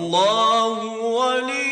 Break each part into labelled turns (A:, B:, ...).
A: الله ولي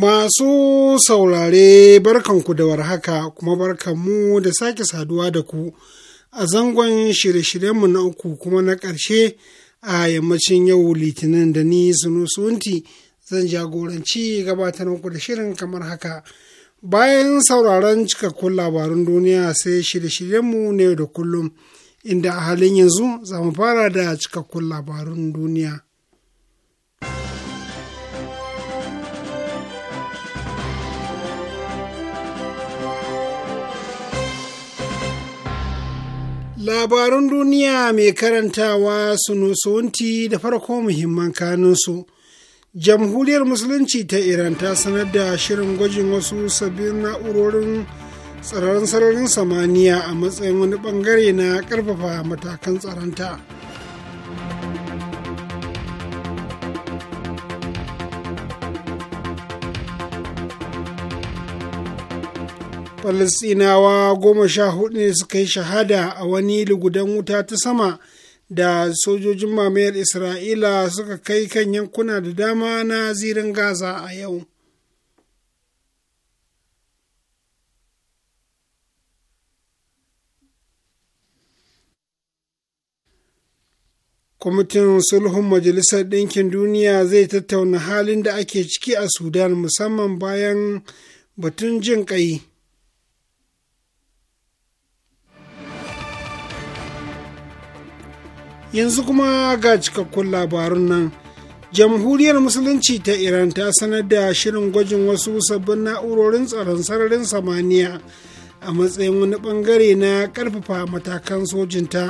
B: Masu saurare barkanku da warhaka kuma barkanmu da sake saduwa da ku a zangon shirye-shiryenmu na uku kuma na ƙarshe a yammacin yau litinin da ni sunusunti zan jagoranci gabatar muku da shirin kamar haka. Bayan sauraron cikakkun labarun duniya sai shirye-shiryenmu na yau da kullum inda a halin yanzu za mu fara da cikakkun labarun duniya. Labarun duniya mai karantawa su sunusunti da farko muhimman kanunsu. Jamhuriyar Musulunci ta Iran ta sanar da shirin gwajin wasu sabbin na'urorin tsararin sararin samaniya a matsayin wani bangare na ƙarfafa matakan tsaronta. falasinawa goma sha hudu ne suka yi shahada a wani lugudan wuta ta sama da sojojin mamayar isra'ila suka kai kan yankuna da dama na zirin gaza a yau kwamitin sulhun majalisar ɗinkin duniya zai tattauna halin da ake ciki a sudan musamman bayan batun jin ƙai yanzu kuma ga cikakkun labarun nan jamhuriyar musulunci ta iran ta sanar da shirin gwajin wasu sabbin na'urorin tsaron sararin samaniya a matsayin wani bangare na karfafa matakan sojinta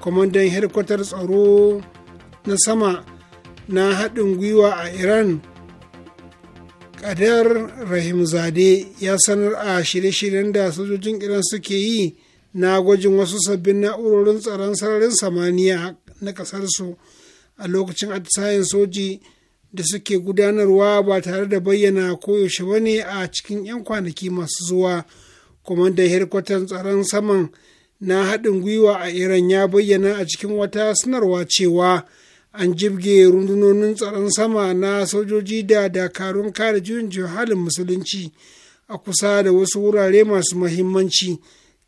B: kwamandan hedkwatar tsaro na sama na haɗin gwiwa a iran kadar zade ya sanar a shirye-shiryen da sojojin iran suke yi na gwajin wasu sabbin na'urorin tsaron sararin samaniya na ƙasarsu a lokacin atisayen soji da suke gudanarwa ba tare da bayyana koyaushe ba ne a cikin 'yan kwanaki masu zuwa kwamandan hirkwatan tsaron saman na haɗin gwiwa a iran ya bayyana a cikin wata sanarwa cewa an jibge rundunonin tsaron sama na sojoji da dakarun kare juyin halin musulunci a kusa da wasu wurare masu muhimmanci.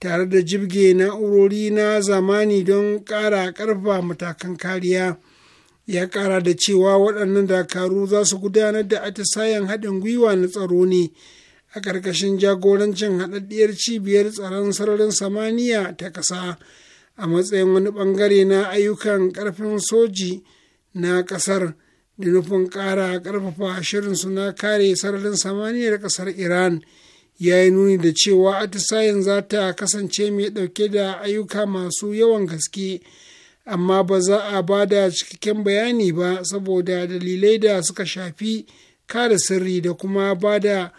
B: tare da jibge na'urori na zamani don ƙara ƙarfa matakan kariya ya ƙara da cewa waɗannan dakaru za su gudanar da atisayen haɗin gwiwa na tsaro ne a ƙarƙashin jagorancin haɗaɗɗiyar cibiyar tsaron sararin samaniya ta ƙasa a matsayin wani ɓangare na ayyukan ƙarfin soji na ƙasar da nufin ƙara ƙarfafa shirinsu na kare sararin samaniyar ƙasar iran. ya yi nuni da cewa atisayen za ta kasance mai ɗauke da ayyuka masu yawan gaske amma ba za a ba da cikakken bayani ba saboda dalilai da suka shafi kada sirri da kuma ba da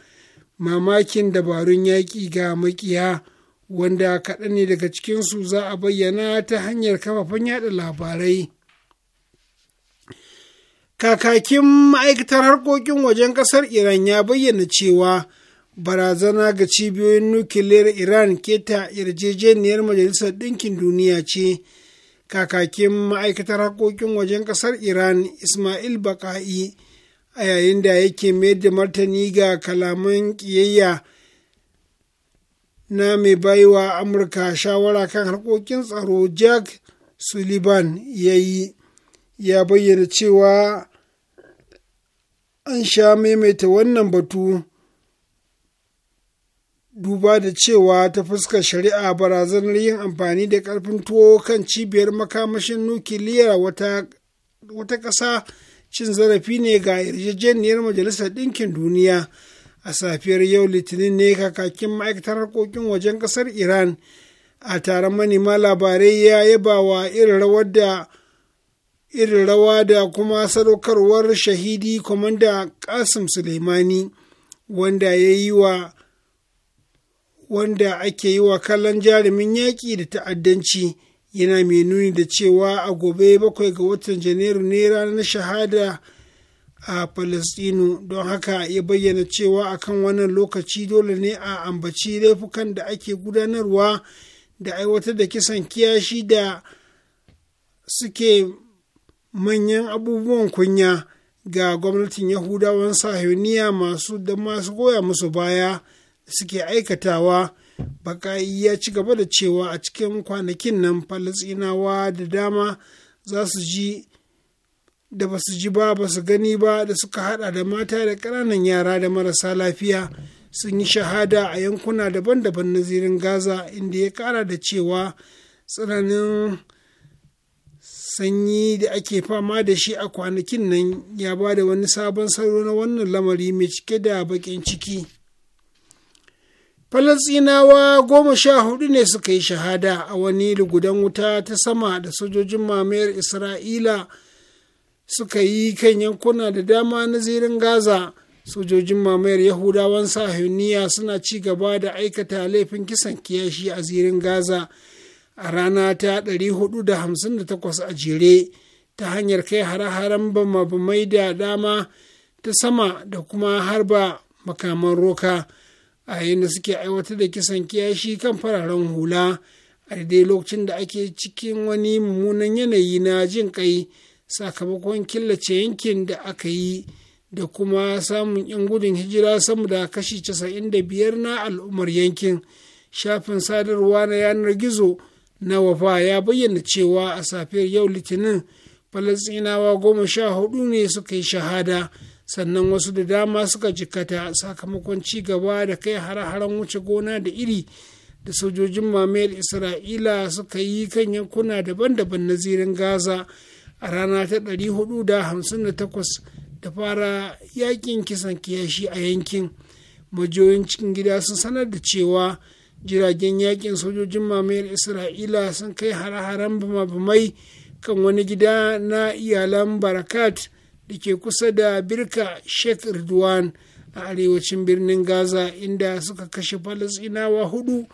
B: mamakin dabarun yaƙi ga makiya wanda kaɗan ne daga cikinsu za a bayyana ta hanyar kafafen yada labarai kakakin ma'aikatar harkokin wajen ƙasar iran ya bayyana cewa barazana ga cibiyoyin nukiliyar iran keta yarjejeniyar majalisar ɗinkin duniya ce kakakin ma'aikatar harkokin wajen ƙasar iran ismail baka'i a yayin da yake mayar da martani ga kalaman ƙiyayya na mai baiwa amurka shawara kan harkokin tsaro jack sullivan ya yi ya bayyana cewa an sha maimaita wannan batu duba da cewa ta fuskar shari'a barazanar yin amfani da ƙarfin tuwo kan cibiyar makamashin nukiliya wata ƙasa cin zarafi ne ga yarjejeniyar majalisar ɗinkin duniya a safiyar yau litinin ne kakakin ma'aikatar harkokin wajen ƙasar iran a taron manema labarai ya yaba wa irin irin rawa da kuma sadaukarwar shahidi kwamanda kasim suleimani wanda ya yi wa wanda ake yi wa kallon jarumin yaƙi da ta'addanci yana mai nuni da cewa a gobe bakwai ga watan janairu ne ranar shahada a Falasɗinu don haka ya bayyana cewa akan wannan lokaci dole ne a ambaci laifukan da ake gudanarwa da aiwatar da kisan kiyashi da suke manyan abubuwan kunya ga gwamnatin yahudawan sahiyoniya masu da masu goya musu baya suke aikatawa baka ya ci gaba da cewa a cikin kwanakin nan falasinawa da dama za su ji da ba su ji ba ba su gani ba da suka hada da mata da ƙananan yara da marasa lafiya sun yi shahada a yankuna daban-daban na zirin gaza inda ya kara da cewa tsananin sanyi da ake fama da shi a kwanakin nan ya ba da wani sabon salo na wannan lamari mai cike da bakin ciki. Falasinawa goma sha hudu ne suka yi shahada a wani lugudan wuta ta sama da sojojin mamayar Isra'ila suka yi kan yankuna da dama na zirin Gaza. Sojojin mamayar Yahudawan sahuniya suna ci gaba da aikata laifin kisan kiyashi a zirin Gaza a rana ta 458 a jere ta hanyar kai hare-haren bama da dama ta sama da kuma harba makaman roka. a yayin da suke aiwatar da kisan kiyashi kan fararen hula a daidai lokacin da ake cikin wani mummunan yanayi na jin kai sakamakon killace yankin da aka yi da kuma samun 'yan gudun hijira sama da kashi 95 na al'ummar yankin shafin sadarwa na yanar gizo na wafa ya bayyana cewa a safiyar yau litinin falasinawa goma sha hudu ne suka yi shahada sannan wasu da dama suka jikkata sakamakon ci gaba da kai har haren wuce gona da iri da sojojin mamayar isra'ila suka yi kan yankuna daban-daban na zirin gaza a rana ta 458 da fara yakin kisan kiyashi a yankin majiyoyin cikin gida sun sanar da cewa jiragen yakin sojojin mamayar isra'ila sun kai har haren bama-bamai kan wani gida na iyalan barakat da ke kusa da birka sheikh Ridwan a arewacin birnin Gaza inda suka kashe falasinawa hudu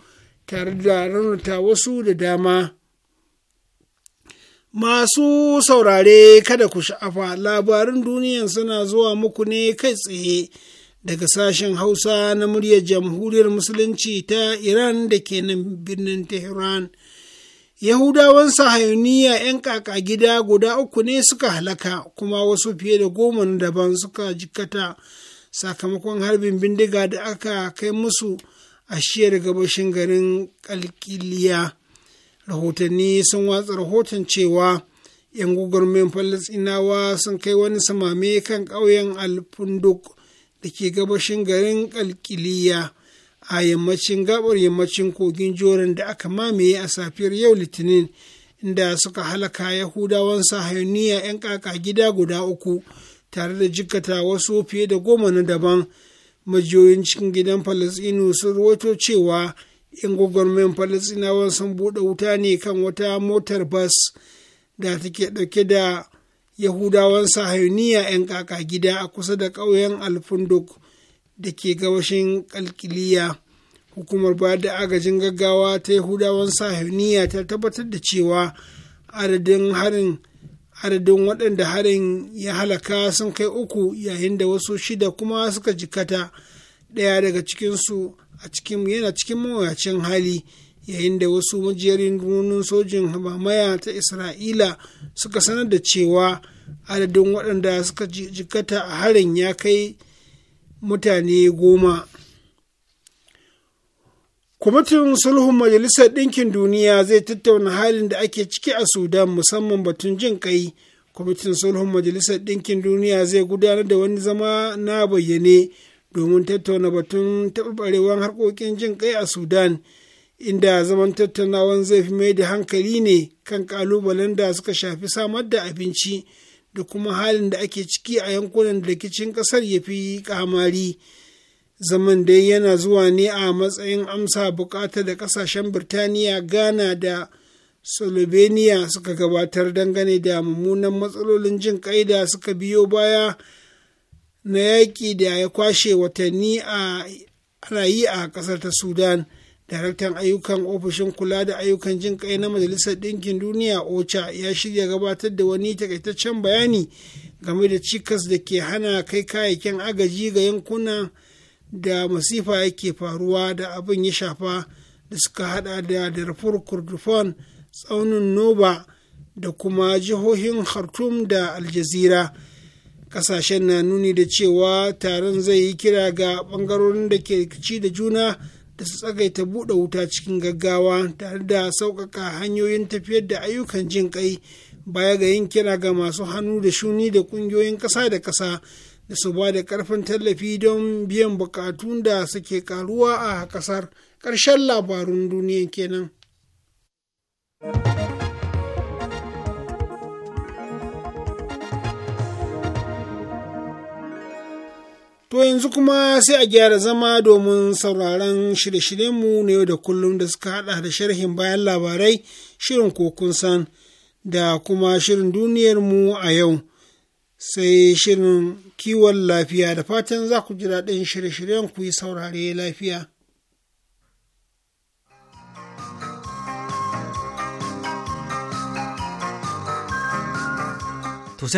B: tare da raunata wasu da dama. Masu saurare kada ku sha'afa labarin duniyan suna zuwa muku ne kai tsaye daga sashen Hausa na muryar Jamhuriyar Musulunci ta Iran da ke nan birnin Tehran. Yahudawan sahayuniya ‘yan kaka gida guda uku ne suka halaka, kuma wasu fiye da goma daban suka jikata sakamakon harbin bindiga da aka kai musu a shiyar gabashin garin Kalkiliya. Rahotanni sun watsa rahoton cewa ‘yan gugurmin inawa sun kai wani samame kan ƙauyen Alfunduk da ke gabashin garin Kalkiliya. a yammacin gabar yammacin kogin joran da aka mamaye a safiyar yau litinin inda suka halaka yahudawan sahayoniya 'yan kaka gida guda uku tare da jikkata wasu fiye da goma na daban majiyoyin cikin gidan falasinu sun ruwato cewa 'yan gwagwarmen falasinawan sun buɗe wuta ne kan wata motar bas da take ɗauke da yahudawan sahayoniya 'yan kaka gida a kusa da ƙauyen alfunduk da ke gabashin kalkiliya hukumar bayar da agajin gaggawa ta yahudawan sahiniya ta tabbatar da cewa adadin harin adadin waɗanda harin ya halaka sun kai uku yayin da wasu shida kuma suka jikata ɗaya daga cikinsu a cikin yana cikin mawuyacin hali yayin da wasu majiyarin rundunar sojin mamaya ta isra'ila suka sanar da cewa adadin waɗanda suka jikata a harin ya kai mutane goma. Kwamitin sulhun Majalisar Ɗinkin Duniya zai tattauna halin da ake ciki a Sudan musamman batun jin kai. Kwamitin sulhun Majalisar Ɗinkin Duniya zai gudanar da wani zama na bayyane domin tattauna batun taɓarɓarewar harkokin jin kai a Sudan, inda zaman tattaunawan zai fi mai da hankali ne kan ƙalubalen da suka shafi samar da abinci da kuma halin da ake ciki a yankunan da rikicin ƙasar ya fi ƙamari. zaman dai yana zuwa ne a matsayin amsa bukatar da kasashen birtaniya ghana da slovenia suka gabatar dangane da mummunan matsalolin jin kai da suka biyo baya na yaƙi da ya kwashe watanni a rayi a ƙasar ta sudan daraktan ayyukan ofishin kula da ayyukan jin kai na majalisar ɗinkin duniya ocha ya shirya gabatar da wani takaitaccen bayani game da cikas da ke hana kai kayayyakin agaji ga yankunan da masifa yake faruwa da abin ya shafa da suka hada da darfur kurdufan tsaunin noba da kuma jihohin khartum da aljazira kasashen na nuni da cewa taron zai yi kira ga bangarorin da ke rikici da juna da su tsagaita buɗe wuta cikin gaggawa tare da sauƙaƙa hanyoyin tafiyar da ayyukan jin ƙai baya ga yin kira ga masu hannu da shuni da ƙungiyoyin ƙasa da ƙasa da su ba da karfin tallafi don biyan bukatun da suke karuwa a kasar ƙarshen labarun duniya kenan. To yanzu kuma sai a gyara zama domin sauraron shirye-shiryenmu na yau da kullum da suka hada da sharhin bayan labarai shirin kokun san da kuma shirin duniyarmu a yau. sai shirin kiwon lafiya da fatan za ku ji daɗin shirye-shiryen ku yi saurare lafiya. To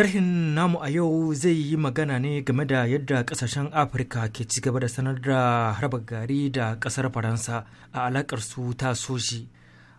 C: namu a yau zai yi magana ne game da yadda kasashen Afirka ke cigaba da sanar da harba gari da kasar Faransa a alakar su ta soji.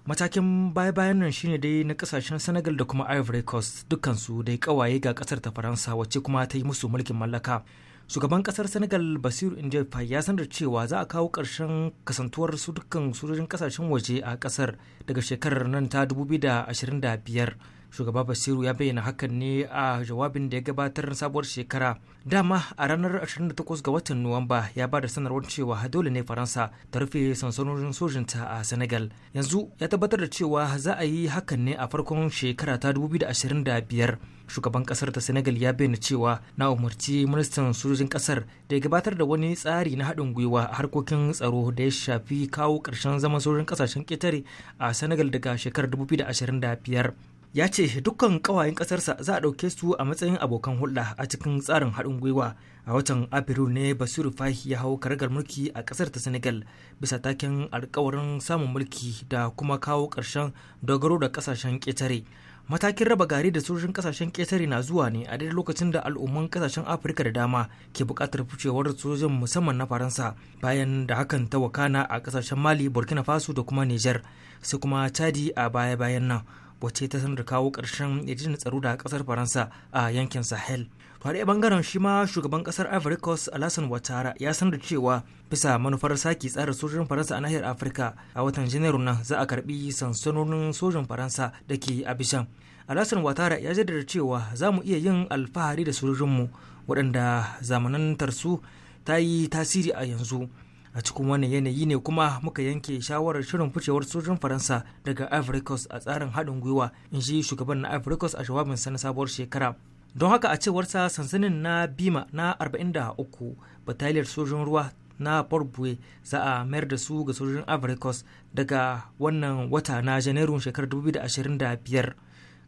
C: matakin baya-bayan nan shine dai na kasashen senegal da kuma ivory coast dukansu dai kawaye ga kasar ta faransa wacce kuma ta yi musu mulkin mallaka shugaban kasar senegal basir injefa ya sanar cewa za a kawo ƙarshen kasantuwar su dukkan sojojin kasashen waje a kasar daga shekarar nan ta 2025 shugaba basiru ya bayyana hakan ne a jawabin da ya gabatar na sabuwar shekara dama a ranar 28 ga watan nuwamba ya ba da sanarwar cewa dole ne faransa ta rufe sansanonin sojinta a senegal yanzu ya tabbatar da cewa za a yi hakan ne a farkon shekara ta 2025 shugaban kasar ta senegal ya bayyana cewa na umarci ministan sojojin kasar da ya gabatar da wani tsari na haɗin gwiwa a harkokin tsaro da ya shafi kawo ƙarshen zaman sojojin kasashen ƙetare a senegal daga shekarar 2025 ya ce dukkan kawayen kasarsa za a ɗauke su a matsayin abokan hulɗa a cikin tsarin haɗin gwiwa a watan afrilu ne basiru fahi ya hau karagar mulki a kasar ta senegal bisa taken alkawarin samun mulki da kuma kawo ƙarshen dogaro da ƙasashen ƙetare matakin raba gari da sojojin kasashen ƙetare na zuwa ne a daidai lokacin da al'umman kasashen afirka da dama ke buƙatar ficewar sojojin musamman na faransa bayan da hakan ta wakana a ƙasashen mali burkina faso da kuma niger sai kuma chadi a baya-bayan nan wacce ta sanar da kawo ƙarshen yajin tsaro da ƙasar faransa a yankin sahel to a bangaren shi ma shugaban ƙasar ivory coast alasan watara ya sanar da cewa bisa manufar sake tsara sojojin faransa a nahiyar afirka a watan janairu nan za a karbi sansanonin sojin faransa da ke abidjan alasan watara ya jaddada cewa za mu iya yin alfahari da sojojinmu waɗanda zamanantar su ta yi tasiri a yanzu a cikin wani yanayi ne kuma muka yanke shawarar shirin ficewar sojin faransa daga ivory coast a tsarin haɗin gwiwa in ji shugaban na ivory coast a jawabinsa na sabuwar shekara don haka a cewarsa sansanin na bima na 43 bataliyar sojin ruwa na Borbue za a mayar da su ga sojin Ivory Coast daga wannan wata na Janairun shekarar 2025.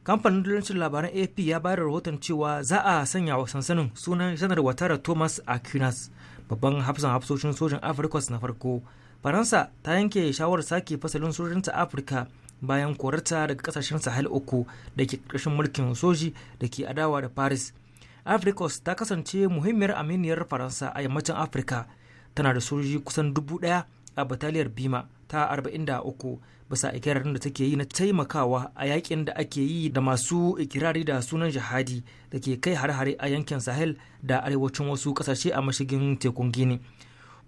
C: Kamfanin dalilin labaran AP ya bayar da rahoton cewa za a sanya wa sansanin sunan Janar Watara Thomas Aquinas babban hafsan hafsoshin sojin afirka na farko faransa ta yanke shawarar sake fasalin sojinta afirka bayan korarta daga kasashen sahel uku da ke ƙarshen mulkin soji da ke adawa da paris africos ta kasance muhimmiyar aminiyar faransa a yammacin afirka tana da soji kusan dubu daya a bataliyar bima ta arba'in da uku. bisa ikirarin da take yi na taimakawa a yakin da ake yi da masu ikirari da sunan jihadi da ke kai har hare a yankin sahel da arewacin wasu kasashe a mashigin tekun gini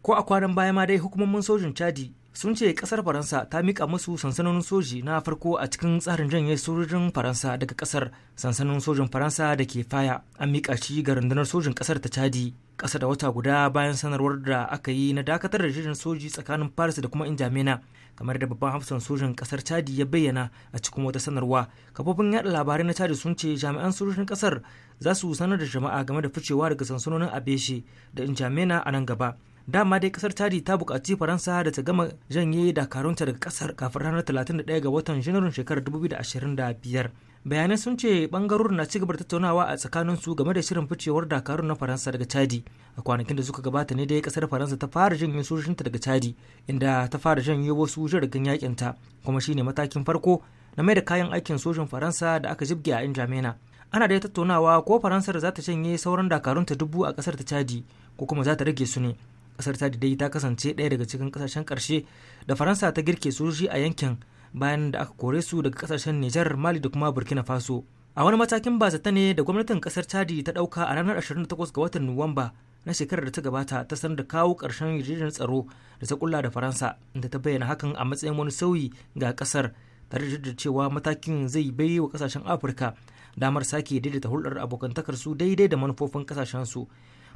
C: ko a kwanan baya ma dai hukumomin sojin chadi sun ce kasar faransa ta mika musu sansanonin soji na farko a cikin tsarin janye sojojin faransa daga kasar sansanin sojin faransa da ke faya a mika shi ga rundunar sojin kasar ta chadi kasa da wata guda bayan sanarwar da aka yi na dakatar da jirgin soji tsakanin paris da kuma injamena kamar da babban hafsan sojan kasar chadi ya bayyana a cikin wata sanarwa kafofin yada labarai na chadi sun ce jami'an sojojin kasar za su sanar da jama'a game da ficewa daga sansanonin abeshi da injamena a nan gaba dama dai kasar chadi ta bukaci faransa da ta gama janye dakarunta daga kasar kafin ranar 31 ga watan janairun shekarar 2025 bayanai sun ce bangarorin na cigaba da tattaunawa a tsakanin su game da shirin ficewar dakarun na faransa daga chadi a kwanakin da suka gabata ne dai kasar faransa ta fara yin sojojinta daga chadi inda ta fara yi wasu jiragen yakin ta kuma shine matakin farko na mai da kayan aikin sojin faransa da aka jibge a injamena ana da tattaunawa ko faransa za ta janye sauran dakarun ta dubu a kasar ta chadi ko kuma za ta rage su ne kasar chadi dai ta kasance ɗaya daga cikin kasashen ƙarshe da faransa ta girke sojoji a yankin bayan da aka kore su daga kasashen Nijar, Mali da kuma Burkina Faso. A wani matakin ba zata ne da gwamnatin kasar Chadi ta dauka a ranar 28 ga watan Nuwamba na shekarar da ta gabata ta sanar da kawo ƙarshen yarjejeniyar tsaro da ta kulla da Faransa inda ta bayyana hakan a matsayin wani sauyi ga kasar tare da cewa matakin zai bai wa kasashen Afirka damar sake daidaita hulɗar abokantakar su daidai da manufofin kasashen su.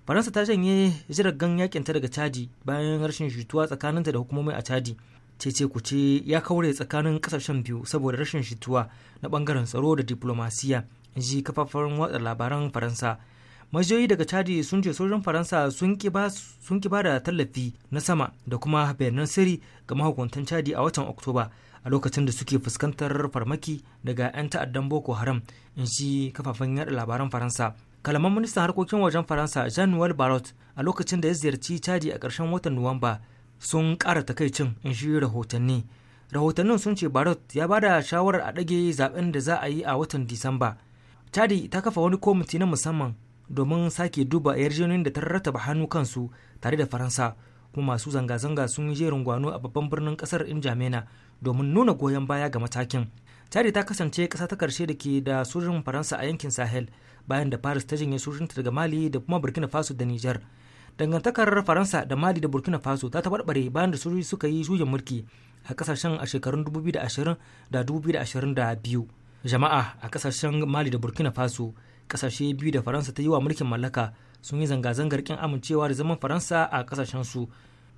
C: Faransa ta janye jiragen yakinta daga Chadi bayan rashin jituwa tsakaninta da hukumomi a Chadi. cece kuce ya kaure tsakanin kasashen biyu saboda rashin shituwa na bangaren tsaro da diplomasiya ji kafafen watsa labaran faransa majiyoyi daga chadi sun ce sojin faransa sun ki ba da tallafi na sama da kuma bayanan sirri ga mahukuntan chadi a watan oktoba a lokacin da suke fuskantar farmaki daga 'yan ta'addan boko haram in ji kafafen yada labaran faransa kalaman ministan harkokin wajen faransa jean noel barot a lokacin da ya ziyarci chadi a ƙarshen watan nuwamba sun ƙara takaicin in shi rahotanni rahotannin sun ce barot ya ba da shawarar a ɗage zaben da za a yi a watan disamba chadi ta kafa wani kwamiti na musamman domin sake duba yarjejeniyoyin da ta rattaba hannu kansu tare da faransa kuma masu zanga-zanga sun yi jerin gwano a babban birnin ƙasar injamena domin nuna goyon baya ga matakin chadi ta kasance ƙasa ta karshe da ke da sojin faransa a yankin sahel bayan da paris ta janye sojinta daga mali da kuma burkina faso da nijar dangantakar faransa da mali da burkina faso ta tabarbare bayan da sojoji suka yi juyin mulki a kasashen a shekarun 2020 da 2022 jama'a a kasashen mali da burkina faso kasashe biyu da faransa ta yi wa mulkin mallaka sun yi zanga-zangar kin amincewa da zaman faransa a kasashen su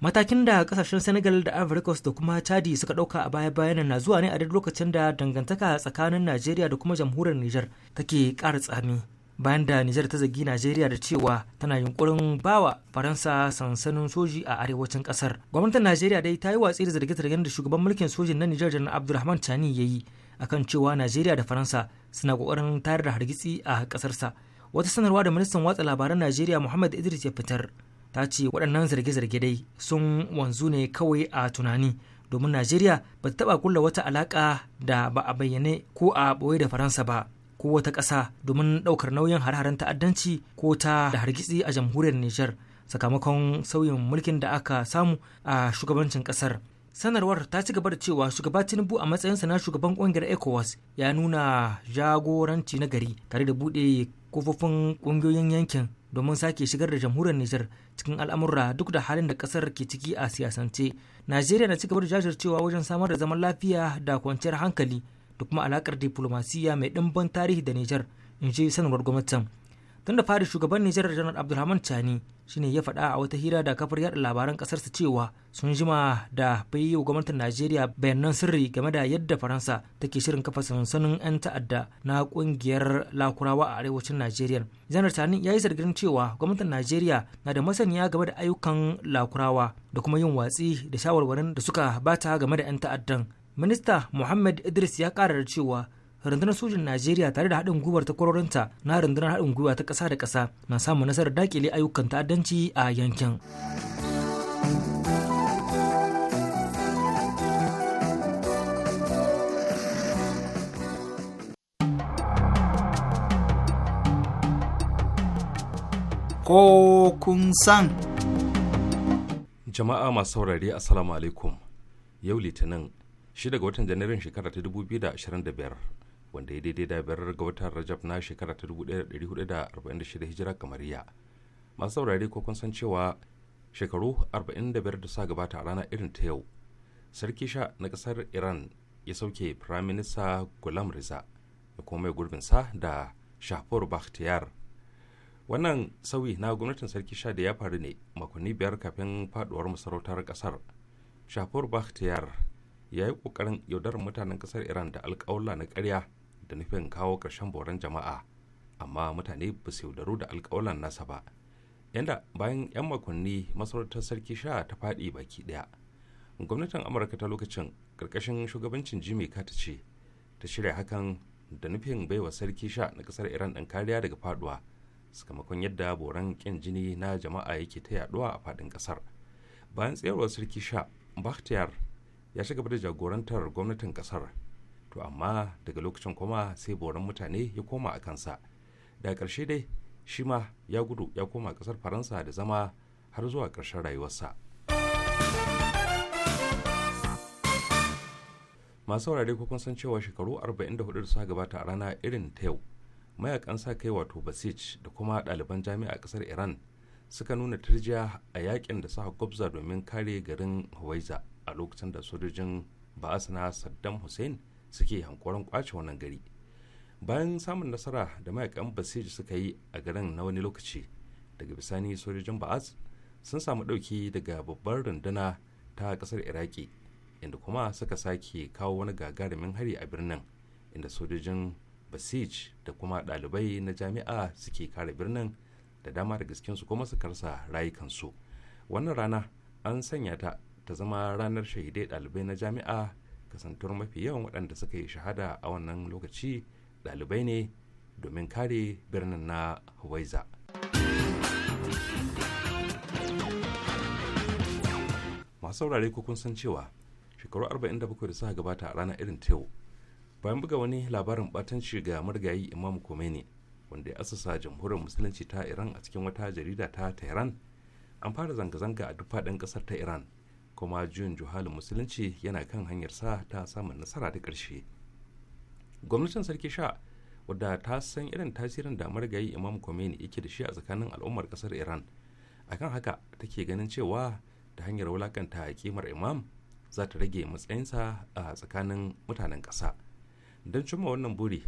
C: matakin da kasashen senegal da ivory coast da kuma chadi suka ɗauka a baya bayan na zuwa ne a duk lokacin da dangantaka tsakanin najeriya da kuma jamhuriyar niger take ƙara tsami bayan da Nijar ta zagi Najeriya da cewa tana yunkurin bawa Faransa sansanin soji a arewacin kasar. Gwamnatin Najeriya dai ta yi watsi da zarge-zargen da shugaban mulkin sojin na Nijar Janar Abdulrahman Tani ya yi akan cewa Najeriya da Faransa suna kokarin tayar da hargitsi a kasarsa. Wata sanarwa da ministan watsa labaran Najeriya Muhammad Idris ya fitar ta ce waɗannan zarge-zarge dai sun wanzu ne kawai a tunani domin Najeriya ba ta taɓa kulla wata alaƙa da ba a bayyane ko a ɓoye da Faransa ba. ko wata ƙasa domin ɗaukar nauyin har-haren ta'addanci ko ta da hargitsi a jamhuriyar Nijar sakamakon sauyin mulkin da aka samu a shugabancin ƙasar. Sanarwar ta ci gaba da cewa shugaba Tinubu a matsayinsa na shugaban ƙungiyar ECOWAS ya nuna jagoranci na gari tare da buɗe kofofin ƙungiyoyin yankin domin sake shigar da jamhuriyar Nijar cikin al'amura duk da halin da ƙasar ke ciki a siyasance. Najeriya na cigaba da jajircewa wajen samar da zaman lafiya da kwanciyar hankali da kuma alakar diplomasiya mai ɗimban tarihi da Nijar in ji sanarwar gwamnatin. Tun da fari shugaban Nijar Janar Abdulrahman Chani shine ya faɗa a wata hira da kafar yaɗa labaran ƙasarsa cewa sun jima da bai yi wa gwamnatin Najeriya bayanan sirri game da yadda Faransa take shirin kafa sansanin 'yan ta'adda na ƙungiyar Lakurawa a arewacin Najeriya. Janar Chani ya yi zargin cewa gwamnatin Najeriya na da masaniya game da ayyukan Lakurawa da kuma yin watsi da shawarwarin da suka bata game da 'yan ta'addan minista muhammad idris ya ƙara da cewa rundunar sojin najeriya tare da haɗin gwiwar takwarorinta na rundunar haɗin gwiwa ta ƙasa da ƙasa na samun nasarar dakile ayyukan ta'addanci a yankin ko kun san
D: jama'a masu saurare assalamu alaikum yau litinin shi daga watan janairun shekara ta 2025 wanda ya daidai da biyar ga watan rajab na shekara ta 1446 hijira kamariya masu saurare ko kun san cewa shekaru 45 da sa gabata a rana irin ta yau sarki sha na kasar iran ya sauke firaminista gulam riza da kuma mai sa da shahpur bakhtiyar wannan sauyi na gwamnatin sarki sha da ya faru ne makonni biyar kafin faduwar masarautar kasar shahpur bakhtiyar ya yi ƙoƙarin yaudarar mutanen ƙasar iran da alkawalla na karya da nufin kawo ƙarshen boran jama'a amma mutane ba su yaudaru da alkawalan nasa ba Yadda bayan 'yan makonni masarautar sarki sha ta faɗi baki ɗaya gwamnatin amurka ta lokacin ƙarƙashin shugabancin jimmy carter ce ta shirya hakan da nufin baiwa sarki sha na ƙasar iran ɗan kariya daga faduwa, sakamakon yadda boran ƙin jini na jama'a yake ta yaɗuwa a faɗin ƙasar bayan tsayarwar sarki sha bakhtiyar ya shiga da jagorantar gwamnatin kasar to amma daga lokacin kuma sai boran mutane ya koma a kansa daga ƙarshe dai shi ma ya gudu ya koma kasar faransa da zama har zuwa ƙarshen rayuwarsa masu saurare kun san cewa shekaru 44 da suka gabata a rana irin ta yau mayakan sa kai wato basij da kuma ɗaliban jami'a ƙasar iran suka nuna turjiya a yakin da suka gwabza domin kare garin hawaiza a lokacin da sojojin ba'as na saddam hussein suke hankoron kwace wannan gari bayan samun nasara da mayakan basij suka yi a garin na wani lokaci daga bisani sojojin ba'as sun samu ɗauki daga babbar runduna ta ƙasar iraki inda kuma suka sake kawo wani gagarumin hari a birnin inda sojojin basij da kuma ɗalibai na jami'a suke kare birnin da dama da gaskensu kuma suka rasa rayukansu wannan rana an sanya ta ta zama ranar shahidai ɗalibai na jami'a kasantuwar mafi yawan waɗanda suka yi shahada a wannan lokaci ɗalibai ne domin kare birnin na Hawaiza. masu saurare ko kun san cewa shekaru 47 da suka gabata a ranar irin ta bayan buga wani labarin batanci ga marigayi imam komeni wanda ya asasa jamhuriyar musulunci ta iran a cikin wata jarida ta tehran an fara zanga-zanga a duk faɗin ƙasar ta iran kuma juyin juhalin musulunci yana kan hanyarsa ta samun nasara da ƙarshe gwamnatin sarki sha wadda ta san irin tasirin da marigayi imam Khomeini yake da shi a tsakanin al'ummar ƙasar iran akan haka take ganin cewa ta hanyar wulakanta kimar imam za ta rage matsayinsa a tsakanin mutanen ƙasa don cimma wannan buri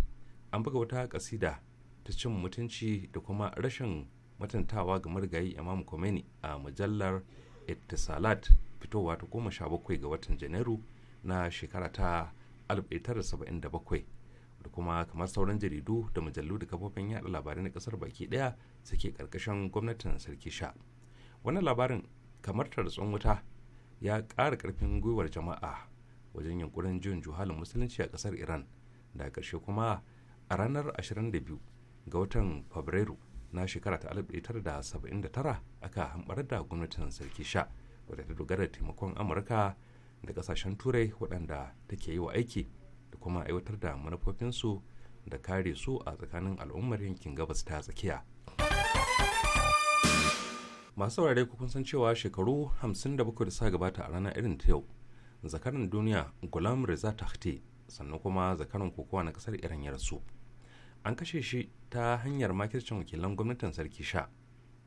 D: an buga wata ƙasida ta cin mutunci da kuma rashin matantawa ga marigayi imam Khomeini a mujallar ittisalat fitowa ta goma sha bakwai ga watan janairu na shekara ta 1977 da kuma kamar sauran jaridu da mujallu da kafofin yada labarai na kasar baki daya suke karkashin gwamnatin sarki sha wannan labarin kamar tarzon wuta ya ƙara ƙarfin gwiwar jama'a wajen yunkurin jin juhalin musulunci a ƙasar iran da ƙarshe kuma a ranar 22 ga watan fabrairu na shekara ta 1979 aka hambar da gwamnatin sarki sha wadda ta dogara da taimakon amurka da kasashen turai waɗanda take yi wa aiki da kuma aiwatar da manufofinsu da kare su a tsakanin al'ummar yankin gabas ta tsakiya masu saurare kun san cewa shekaru 57 da sa gabata a ranar irin ta yau zakaran duniya gulam reza tahti sannan kuma zakaran kokowa na kasar iran yarsu an kashe shi ta hanyar makircin wakilan gwamnatin sarki sha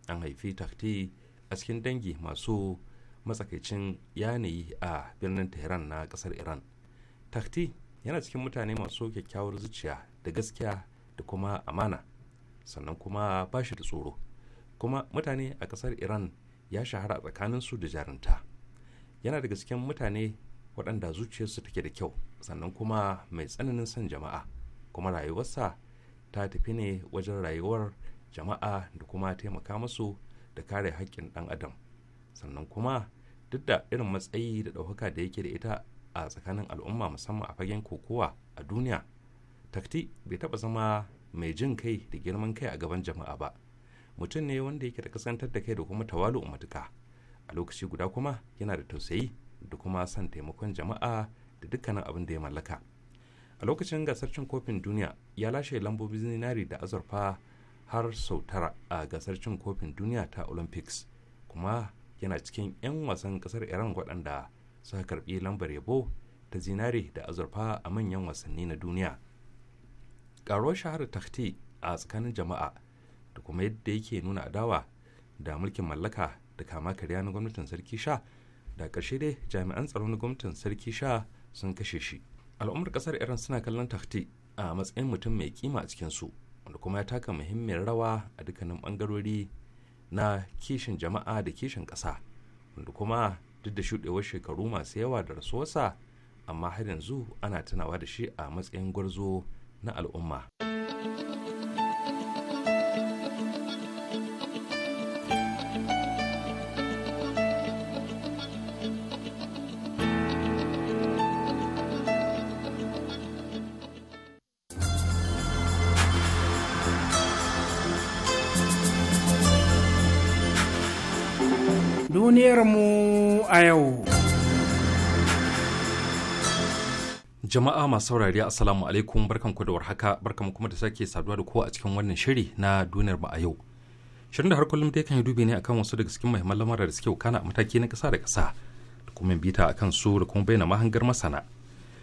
D: an haifi tahti a cikin dangi masu matsakaicin yanayi a birnin tehran na kasar iran takti yana cikin mutane masu kyakkyawar zuciya da gaskiya da kuma amana sannan kuma ba shi da tsoro kuma mutane a kasar iran ya shahara a tsakanin su da jarinta yana daga cikin mutane waɗanda zuciyarsu take da kyau sannan kuma mai tsananin son jama'a kuma rayuwarsa ta tafi ne wajen rayuwar jama'a da kuma taimaka musu da kare haƙƙin ɗan adam sannan kuma duk da irin matsayi da ɗaukaka da yake da ita a tsakanin al'umma musamman a fagen kokowa a duniya takti bai taɓa zama mai jin kai da girman kai a gaban jama'a ba mutum ne wanda yake da kasantar da kai da kuma tawalu matuka a lokaci guda kuma yana da tausayi da kuma son taimakon jama'a da dukkanin abin da ya mallaka a lokacin gasar cin kofin duniya ya lashe lambobin zinari da azurfa har sau tara a gasar cin kofin duniya ta olympics kuma yana cikin 'yan wasan kasar iran waɗanda suka karbi lambar yabo ta zinare da azurfa a manyan wasanni na duniya ƙaruwar shahara takti a tsakanin jama'a da kuma yadda yake nuna adawa da mulkin mallaka da kama karya na gwamnatin sarki sha da ƙarshe dai jami'an tsaro na gwamnatin sarki sha sun kashe shi al'ummar ƙasar iran suna kallon takti a matsayin mutum mai kima a cikinsu wanda kuma ya taka muhimmiyar rawa a dukkanin bangarori na kishin jama'a da kishin ƙasa wanda kuma duk da shuɗewar shekaru masu yawa da rasuwarsa amma har yanzu ana tunawa da shi a matsayin gwarzo na al'umma Jama'a masu saurari Assalamu alaikum barkanku da warhaka barkanku kuma da sake saduwa da kowa a cikin wannan shiri na duniyar ba a yau. Shirin da har kullum dai kan yi dubi ne akan wasu daga cikin muhimman lamarin da suke kana a mataki na kasa da kasa da kuma bita akan su da kuma bayyana mahangar masana.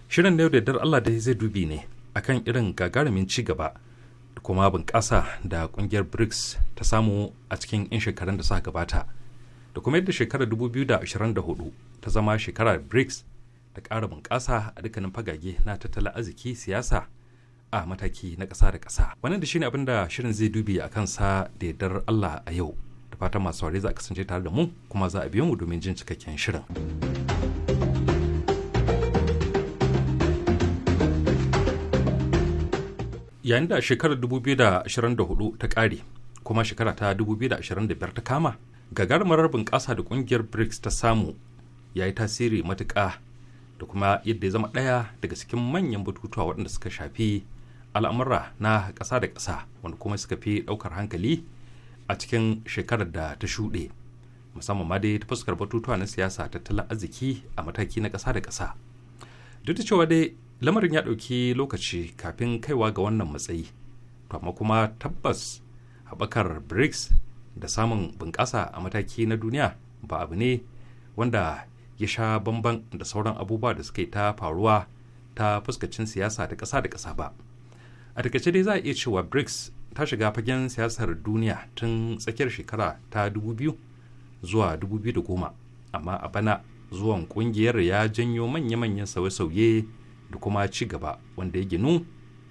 D: Shirin da yau da dar Allah dai zai dubi ne akan irin gagarumin ci gaba da kuma bunƙasa da ƙungiyar BRICS ta samu a cikin 'yan shekarun da suka gabata. da kuma yadda shekarar 2024 ta zama shekarar brics da ƙara bunƙasa a dukkanin fagage na tattalin arziki siyasa a mataki na ƙasa da ƙasa wannan da shine abin da shirin zai dubi a sa da yardar allah a yau da fatan masu saurari za a kasance tare da mu kuma za a biyo mu domin jin cikakken shirin yayin da shekarar 2024 ta ƙare kuma shekara ta 2025 ta kama gagarumar bunƙasa da ƙungiyar brics ta samu ya yi tasiri matuƙa da kuma yadda ya zama ɗaya daga cikin manyan batutuwa waɗanda suka shafi al'amura na ƙasa da ƙasa wanda kuma suka fi ɗaukar hankali a cikin shekarar da ta shuɗe musamman ma dai ta fuskar batutuwa na siyasa tattalin arziki a mataki na ƙasa da ƙasa duk da cewa dai lamarin ya ɗauki lokaci kafin kaiwa ga wannan matsayi to amma kuma tabbas haɓakar brics da samun bunƙasa a mataki na duniya ba abu ne wanda ya sha bamban da sauran abubuwa da suke ta faruwa ta fuskacin siyasa da ƙasa da ƙasa ba a takaice dai za a iya cewa brics ta shiga fagen siyasar duniya tun tsakiyar shekara ta dubu biyu zuwa da goma amma a bana zuwan ƙungiyar ya janyo manya-manyan sauye-sauye da kuma ci gaba wanda ya ginu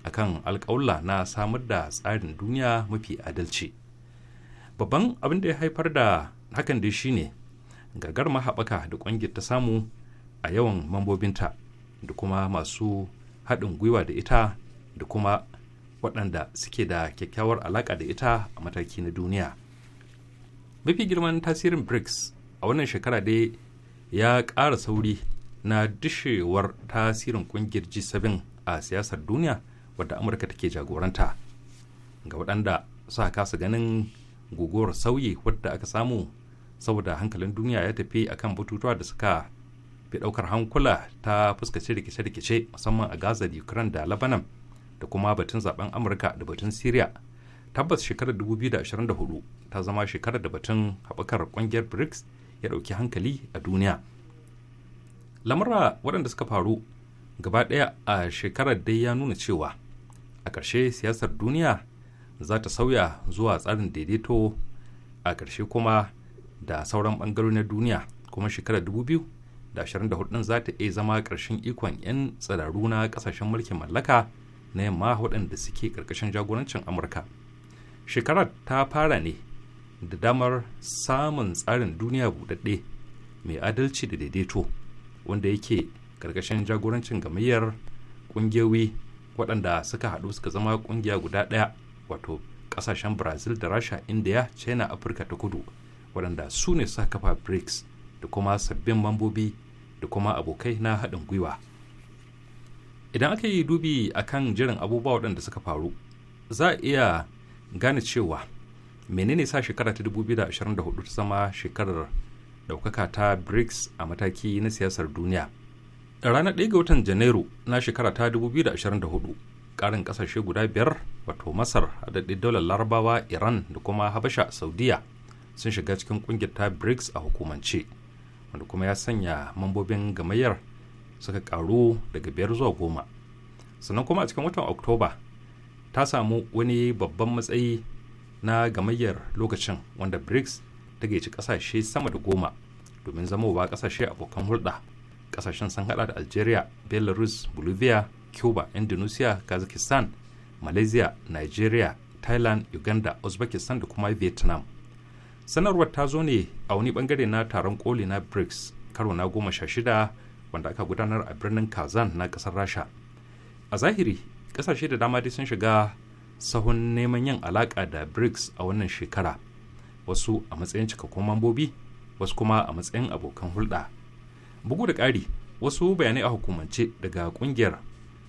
D: akan alƙawla na samar da tsarin duniya mafi adalci. babban abin da ya haifar da hakan dai shine gagar mahaɓaka da ƙungiyar ta samu a yawan mambobinta da kuma masu haɗin gwiwa da ita da kuma waɗanda suke da kyakkyawar alaƙa da ita a mataki na duniya mafi girman tasirin brics a wannan shekara dai ya ƙara sauri na dishewar tasirin ƙungiyar g7 a siyasar duniya wadda amurka take jagoranta ga waɗanda suka kasa ganin guguwar sauyi wadda aka samu saboda hankalin duniya ya tafi akan batutuwa da suka fi ɗaukar hankula ta fuskaci rikice-rikice musamman a gaza da ukraine da lebanon da kuma batun zaben amurka da batun syria tabbas shekarar 2024 ta zama shekarar da batun haɓakar ƙungiyar brics ya ɗauki hankali a duniya lamura waɗanda suka faru gaba ɗaya a shekarar dai ya nuna cewa a ƙarshe siyasar duniya za ta sauya zuwa tsarin daidaito a ƙarshe kuma da sauran ɓangarori na duniya kuma shekarar 2024 ɗin za ta iya zama ƙarshen ikon 'yan tsararru na ƙasashen mulkin mallaka na yamma waɗanda suke ƙarƙashin jagorancin amurka shekarar ta fara ne da damar samun tsarin duniya buɗaɗɗe mai adalci da daidaito wanda yake ƙarƙashin jagorancin gamayyar ƙungiyoyi waɗanda suka haɗu suka zama ƙungiya guda ɗaya wato kasashen brazil da rasha india china afirka ta kudu waɗanda su ne suka kafa brics da kuma sabbin mambobi da kuma abokai na haɗin gwiwa idan aka yi dubi a kan jiran abubuwa waɗanda suka faru za a iya gane cewa menene sa shekara ta 2024 ta zama shekarar ɗaukaka ta brics a mataki na siyasar duniya ranar 1 ga watan janairu na shekara ta 2024 karin kasashe guda biyar wato masar daɗin daular larabawa iran da kuma habasha saudiya sun shiga cikin kungiyar ta brics a hukumance wanda kuma ya sanya mambobin gamayyar suka karu daga biyar zuwa goma sannan kuma a cikin watan oktoba ta samu wani babban matsayi na gamayyar lokacin wanda brics ta gaici kasashe sama da goma domin zamowa kasashe abokan hulɗa kasashen sun hada da algeria belarus bolivia cuba indonesia kazakhstan malaysia nigeria thailand uganda uzbekistan da kuma vietnam sanarwar ta zo ne a wani bangare na taron koli na brics karo na goma sha shida wanda aka gudanar a birnin kazan na kasar rasha a zahiri kasashe da dama dai sun shiga sahun neman yin alaka da brics a wannan shekara wasu a matsayin cikakkun mambobi wasu kuma a matsayin abokan hulɗa bugu da ƙari wasu bayanai a hukumance daga ƙungiyar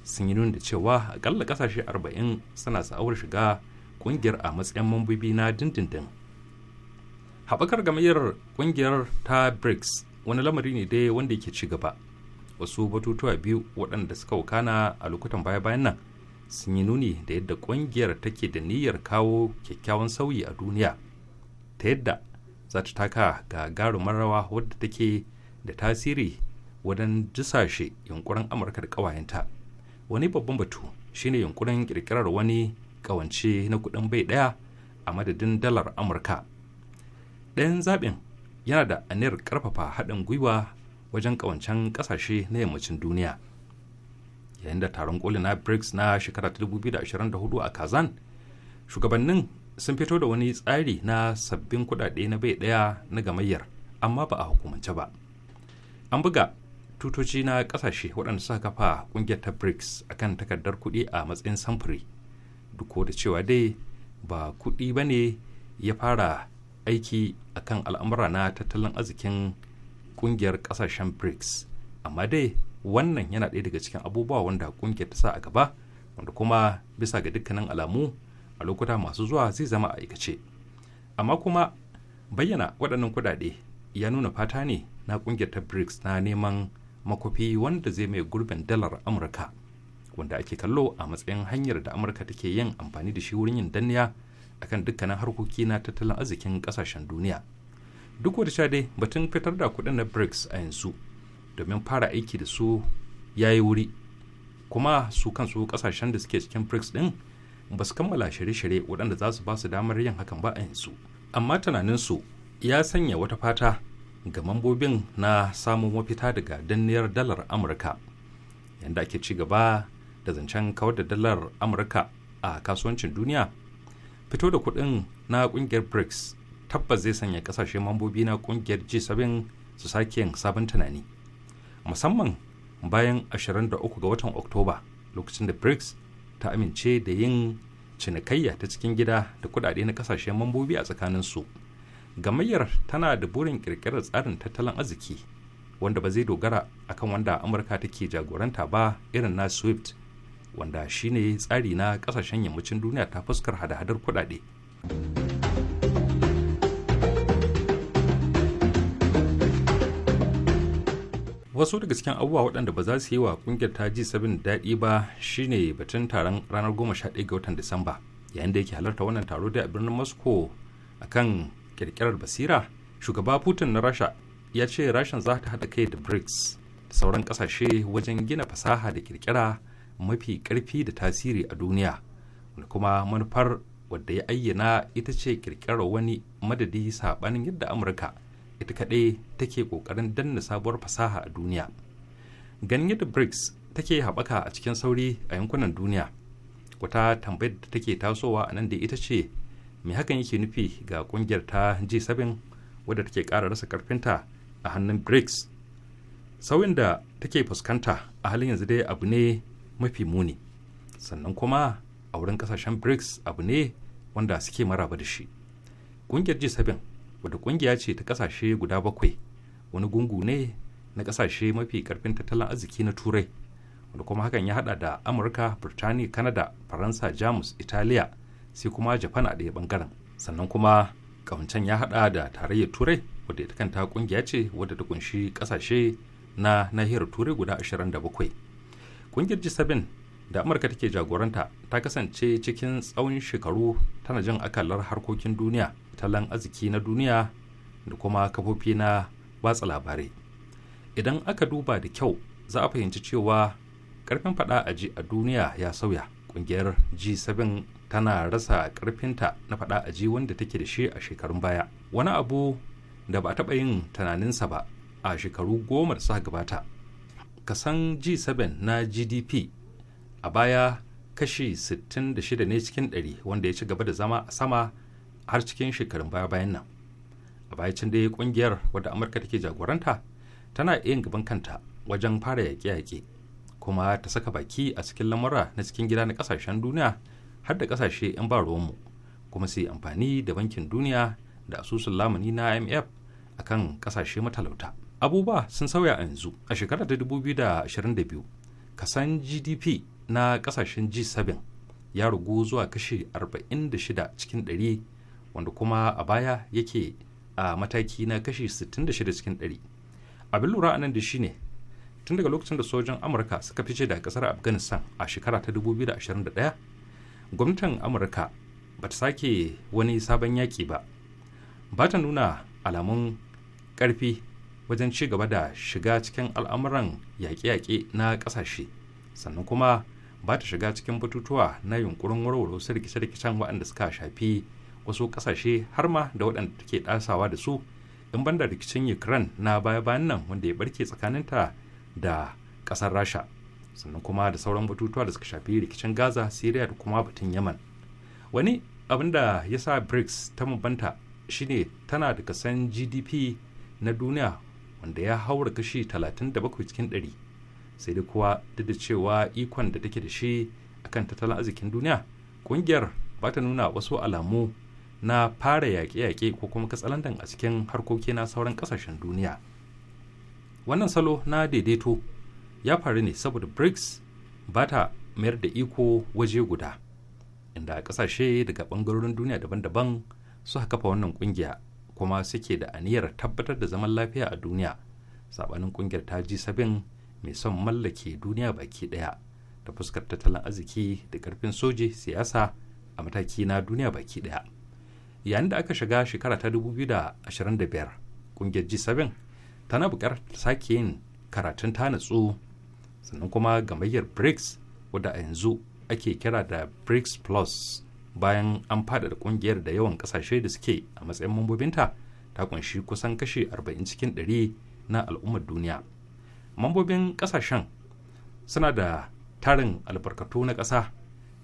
D: sun yi da cewa akalla kasashe 40 suna sa'awar shiga kungiyar a matsayin mambobi na dindindin haɓakar gamayyar kungiyar ta brics wani lamari ne dai wanda yake ci gaba wasu batutuwa biyu waɗanda suka wakana a lokutan baya-bayan nan sun yi nuni da yadda kungiyar take da niyyar kawo kyakkyawan sauyi a duniya ta yadda za ta taka gagarumar rawa wadda take da tasiri wajen jisashe yunkurin amurka da ƙawayenta wani babban batu shine yunkurin kirkirar wani kawance na kudin bai daya a madadin dalar amurka ɗayan zaɓin yana da aniyar ƙarfafa haɗin gwiwa wajen ƙawancen ƙasashe na yammacin duniya yayin da taron koli na brics na shekara 2024 a kazan shugabannin sun fito da wani tsari na sabbin kuɗaɗe na bai ɗaya na gamayyar amma ba a hukumance ba an buga tutoci na kasashe waɗanda suka kafa ƙungiyar ta brics akan takardar kuɗi a matsayin samfuri duk da cewa dai ba kuɗi ba ne ya fara aiki akan al'amura na tattalin arzikin ƙungiyar ƙasashen brics amma dai wannan yana ɗaya daga cikin abubuwa wanda ƙungiyar ta sa a gaba wanda kuma bisa ga dukkanin alamu a lokuta masu zuwa zai zama a aikace amma kuma bayyana waɗannan kuɗaɗe ya nuna fata ne na ƙungiyar ta brics na neman makwafi wanda zai mai gurbin dalar amurka wanda ake kallo a matsayin hanyar da amurka take yin amfani da shi wurin yin danniya akan dukkanin harkoki na tattalin arzikin kasashen duniya duk wata sha dai batun fitar da kuɗin na brics a yanzu domin fara aiki da su ya yi wuri kuma su kansu kasashen da suke cikin brics din ba su kammala shirye-shirye waɗanda za su ba su damar yin hakan ba a yanzu amma tunaninsu ya sanya wata fata ga mambobin na samun mafita daga danniyar dalar amurka yadda ake ci gaba da zancen kawar da dalar amurka a kasuwancin duniya fito da kuɗin na ƙungiyar brics tabbas zai sanya ƙasashe mambobi na ƙungiyar g7 su sake yin sabon tunani musamman bayan 23 ga watan oktoba lokacin da brics ta amince da yin cinikayya ta cikin gida da kudade na kasashen mambobi a tsakaninsu. su gamayyar tana da burin kirkirar tsarin tattalin arziki wanda ba zai dogara akan wanda amurka take jagoranta ba irin na swift wanda shine tsari na kasashen yammacin duniya ta fuskar hada-hadar kudade wasu daga cikin abubuwa waɗanda ba za su yi wa kungiyar ta ji sabin daɗi ba shine batun taron ranar 11 ga watan disamba yayin da yake halarta wannan taro da a birnin moscow akan kirkirar basira shugaba putin na rasha ya ce rashin za ta haɗa kai da brics sauran ƙasashe wajen gina fasaha da kirkira mafi ƙarfi da tasiri a duniya wani kuma manufar wadda ya ayyana ita ce kirkirar wani madadi saɓanin yadda amurka ita kaɗai take ƙoƙarin danna sabuwar fasaha a duniya ganin yadda brics take haɓaka a cikin sauri a yankunan duniya wata tambayar da take tasowa a nan da ita ce me hakan yake nufi ga kungiyar ta g7 wadda take kara rasa karfinta a hannun brics sauyin da take fuskanta a halin yanzu dai abu ne mafi muni sannan kuma a wurin kasashen brics abu ne wanda suke maraba da shi kungiyar g7 wadda kungiya ce ta kasashe guda bakwai wani gungu ne na kasashe mafi karfin tattalin arziki na turai wanda kuma hakan ya hada da amurka birtaniya kanada faransa jamus italiya sai kuma japan a ɗaya bangaren sannan kuma kawancen ya hada da tarayyar turai wadda ita kanta kungiya ce wadda ta kunshi kasashe na nahiyar turai guda 27 kungiyar g7 da amurka take jagoranta ta kasance cikin tsawon shekaru tana jin akalar harkokin duniya talan arziki na duniya da kuma kafofi na watsa labarai idan aka duba da kyau za a fahimci cewa karfin fada a ji a duniya ya sauya kungiyar g7 tana rasa karfinta na faɗa a ji wanda take da shi a shekarun baya wani abu da ba taɓa yin tunaninsa ba a shekaru goma da suka gabata kasan g7 na gdp a baya kashi 66 ne cikin 100 wanda ya ci gaba da zama a sama har cikin shekarun baya bayan nan a baya can dai kungiyar wadda amurka take jagoranta tana yin gaban kanta wajen fara yaƙe-yaƙe kuma ta saka baki a cikin lamura na cikin gida na ƙasashen duniya har da kasashe 'yan ba ruwanmu kuma sai amfani da bankin duniya da asusun lamuni na imf a kan kasashe matalauta abubuwa sun sauya a yanzu a shekarar ta 2022 kasan gdp na kasashen g7 ya rugu zuwa kashi 46 cikin 100 wanda kuma a baya yake a mataki na kashi 66 cikin 100 abin lura anan da shi ne tun daga lokacin da sojan amurka suka fice da kasar afghanistan a shekara ta 2021 gwamnatin amurka ba ta sake wani sabon yaƙi ba ba ta nuna alamun ƙarfi wajen ci gaba da shiga cikin al'amuran yaƙe-yaƙe na ƙasashe sannan kuma ba ta shiga cikin batutuwa na yunkurin warware wasu rikice-rikicen waɗanda suka shafi wasu ƙasashe har ma da waɗanda take ɗasawa da su in banda rikicin ukraine na baya-bayan nan wanda ya barke tsakaninta da ƙasar rasha sannan kuma da sauran batutuwa da suka shafi rikicin gaza syria da kuma batun yaman wani abin da ya sa brics ta mabanta shine tana da kasan gdp na duniya wanda ya haura kashi 37 cikin 100 sai da kuwa duk da cewa ikon da take da shi akan tattalin arzikin duniya kungiyar ba ta nuna wasu alamu na fara yaƙe-yaƙe ko kuma katsalandan a cikin harkoki na sauran ƙasashen duniya wannan salo na daidaito ya faru ne saboda brics ba ta mayar da iko waje guda inda kasashe daga bangarorin duniya daban-daban su kafa wannan kungiya kuma suke da aniyar tabbatar da zaman lafiya a duniya sabanin kungiyar ta ji sabin mai son mallake duniya baki daya ta fuskar tattalin arziki da karfin soji siyasa a mataki na duniya baki daya yayin da aka shiga shekara ta 2025 kungiyar g7 tana bukar sake yin karatun ta natsu sannan kuma gamayyar brics wadda a yanzu ake kira da brics plus bayan an da ƙungiyar da yawan ƙasashe da suke a matsayin mambobinta ta kunshi kusan kashe 40 cikin 100 na al'ummar duniya mambobin ƙasashen suna da tarin albarkatu na ƙasa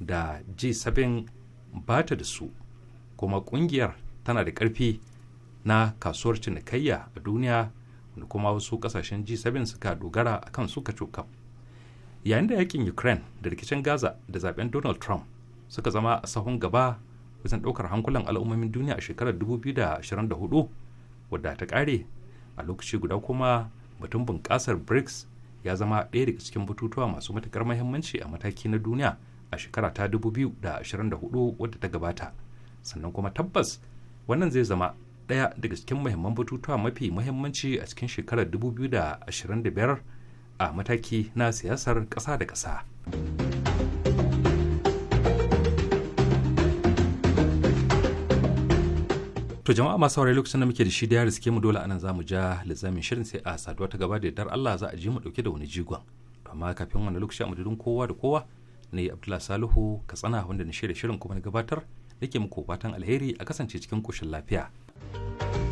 D: da g7 bata da su kuma ƙungiyar tana da ƙarfi na kasuwar cinikayya a duniya da kuma wasu ƙasashen g7 suka dogara akan suka cokaf. yayin da yakin ukraine da rikicin gaza da zaben donald trump suka zama a sahun gaba wajen ɗaukar hankulan al'ummomin duniya a shekarar 2024 wadda ta kare a lokaci guda kuma batun bunƙasar brics ya zama ɗaya daga cikin batutuwa masu matuƙar mahimmanci a mataki na duniya a shekara ta 2024 wadda ta gabata sannan kuma tabbas wannan zai zama ɗaya daga cikin muhimman batutuwa mafi mahimmanci a cikin shekarar 2025 a mataki na siyasar ƙasa da kasa. To jama'a masu saurari lokacin da muke da shi da ya riske mu dole anan za mu ja lizamin shirin sai a saduwa ta gaba da yardar Allah za a ji mu dauke da wani jigon. Amma kafin wani lokaci a madadin kowa da kowa ne Abdullah Salihu Katsina wanda na shirya shirin kuma na gabatar nake muku fatan alheri a kasance cikin koshin lafiya. thank you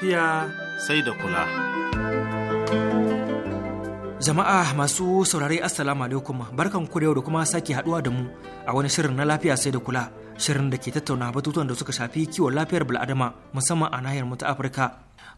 D: lafiya sai da kula.
C: Jama'a masu saurari Assalamu alaikum barkan ku da yau da kuma sake haduwa da mu a wani shirin na lafiya sai da kula shirin da ke tattauna batutuwan da suka shafi kiwon lafiyar bil'adama musamman a nahiyar mu ta Afirka.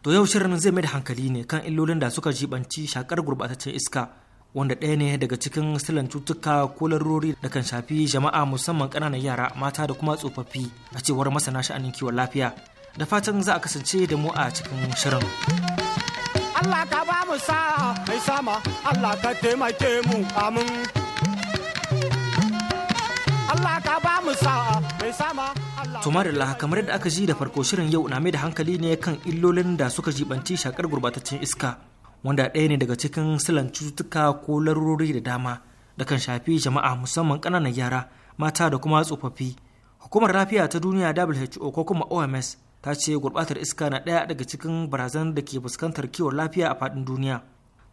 C: To yau shirin zai mai da hankali ne kan illolin da suka jibanci shakar gurbataccen iska wanda ɗaya ne daga cikin silan cutuka ko larurori da kan shafi jama'a musamman ƙananan yara mata da kuma tsofaffi a cewar masana sha'anin kiwon lafiya. da fatan za a kasance da mu a cikin shirin.
E: Allah ka ba mu sa'a mai sama Allah ka taimake mu amin. Allah ka ba mu sa'a mai sama
C: Allah kamar yadda aka ji da farko shirin yau na mai da hankali ne kan illolin da suka jibanci shakar gurbataccen iska wanda ɗaya ne daga cikin silan cututtuka ko larurori da dama da kan shafi jama'a musamman ƙananan yara mata da kuma tsofaffi hukumar lafiya ta duniya who ko kuma oms ta ce gurbatar iska na ɗaya daga cikin barazan da ke fuskantar kiwon lafiya a faɗin duniya